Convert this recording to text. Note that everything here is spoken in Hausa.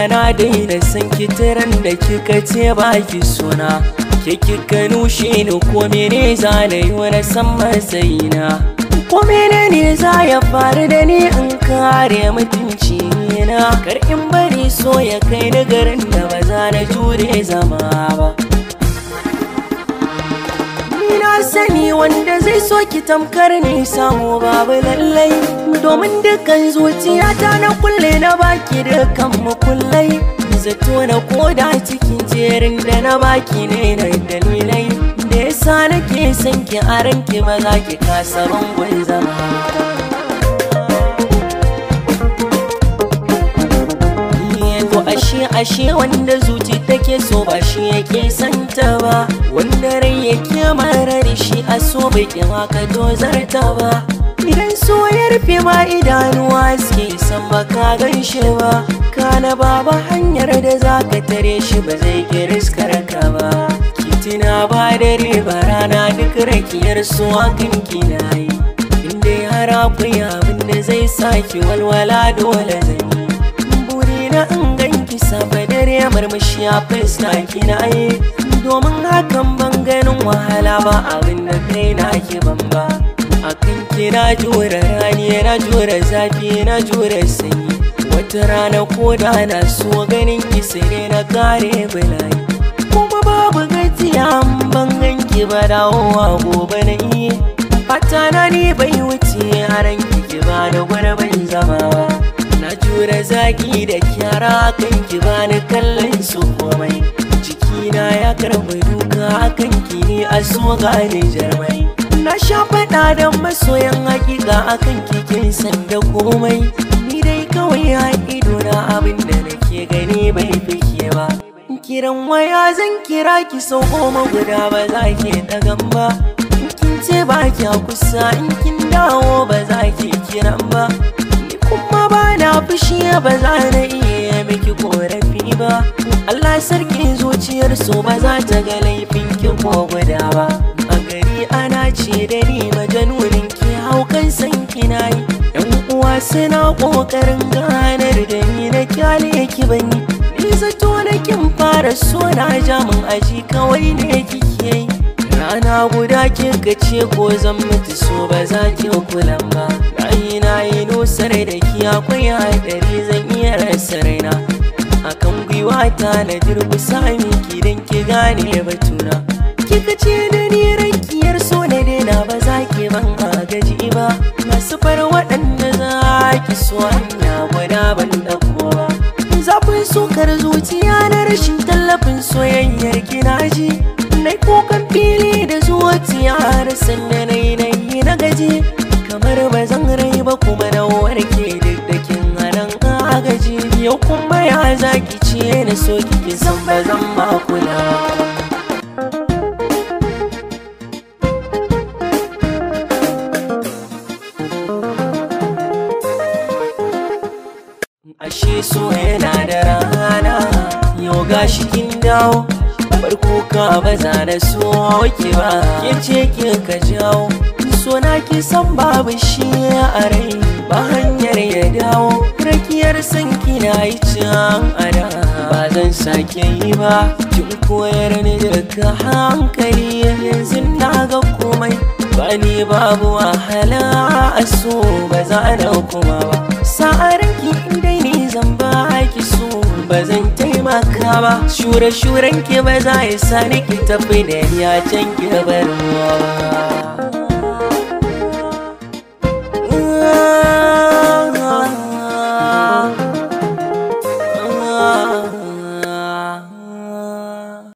nuna daina san kitiran da kika ce ba ki suna ke kika nushe ni ko mene za na yi wani san matsayina ko mene ne za ya faru da ni in kare mutunci na kar in bari so ya kai ni garin da ba za na jure zama ba sani wanda zai so ki tamkar ni samu babu lallai domin dukkan zuciyata na kulle na baki dukkan makullai zato na koda cikin jerin da na baki ne na dalilai da yasa nake son ki a ranke ba za ki kasa rungun zama ashe ashe wanda zuciya take so ba shi yake santa ba wanda rai yake mara da shi a so bai maka ka dozarta ba idan so ya rufe ma idanuwa suke san ba ka gan shi ba kana baba hanyar da za ka tare shi ba zai ki riskar ka ba kitina ba dare ba rana duk rakiyar su akan kina yi inda yara kuya abin da zai saki walwala dole zai yi murmushi a fuska kina yi domin hakan ban ganin wahala ba abin da kai na ke ban ba akan ke na jure rani na jure zafi na jure sanyi wata rana ko da na so ganin ki sai na kare bala'i kuma babu gajiya ban ki ba dawowa gobe na yi fata na ni bai wuce haran ki ba da ban zama ba na jure zaki da kyara kan ki bani kallon su komai jikina ya karɓi duka kan ki ne a so ne jarmai na sha faɗa da masoyan hakika akan kikin sanda komai ni dai kawai a ido na abin da nake gani bai fike ba kiran waya zan kira ki sau goma guda ba za ki dagan ba kin ce ba kya kusa in kin dawo ba za ki kiran ba kuma ba Ya fushiya ba za na iya miki korafi ba Allah sarki zuciyar su ba za ta ga laifin ki ko guda ba a gari ana ce da ni majanurin ki haukan san kina yi yan uwa suna kokarin ganar da ni na kyale ki bani ni zato na kin fara so na mun aji kawai ne kike yi rana guda kika ce ko zan mutu so ba za ki kulan ba na yi na yi nusar da ki akwai haɗari zan iya rasa raina akan gwiwa ta na jirgu sami ki don ki gane batuna kika ce da ni rankiyar so na daina ba za ki ban gaji ba masu far waɗanda za ki so hanya. zafin sukar zuciya na rashin tallafin soyayyar ginaji na kan fili da zuciya har sanda na yi na na gaji kamar ba zan rai ba kuma na warke duk da kin haran agaji yau kuma ya zaki ce na so kike san ba zan ba kula ashe so yana da rana yau gashi kin dawo farko ka baza za na so ki ba ke ce ki ka jawo so na ki san babu shi a rai ba hanyar ya dawo rakiyar san kina yi can ana ba zan sake yi ba kin koyar ni daga hankali yanzu na ga komai ba ni babu wahala a so ba za na kuma ba ba zan taimaka ba shure-shuren ki ba za ya sa ki tafi da ya can ki bar ba